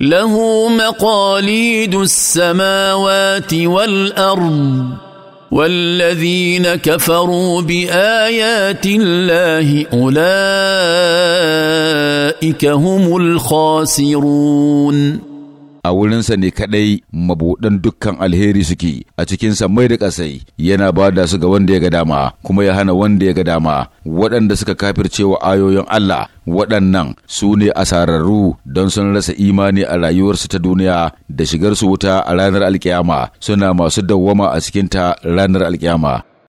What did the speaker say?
له مقاليد السماوات والارض والذين كفروا بايات الله اولئك هم الخاسرون a wurinsa ne kadai mabuɗan dukkan alheri suke a cikinsa mai da ƙasai yana ba da su ga wanda ya ga dama kuma ya hana wanda ya ga dama waɗanda suka kafircewa ayoyin Allah waɗannan su ne asararru don sun rasa imani a rayuwarsu ta duniya da shigarsu wuta a ranar alkiyama suna masu dawwama a cikin ta ranar alkiyama.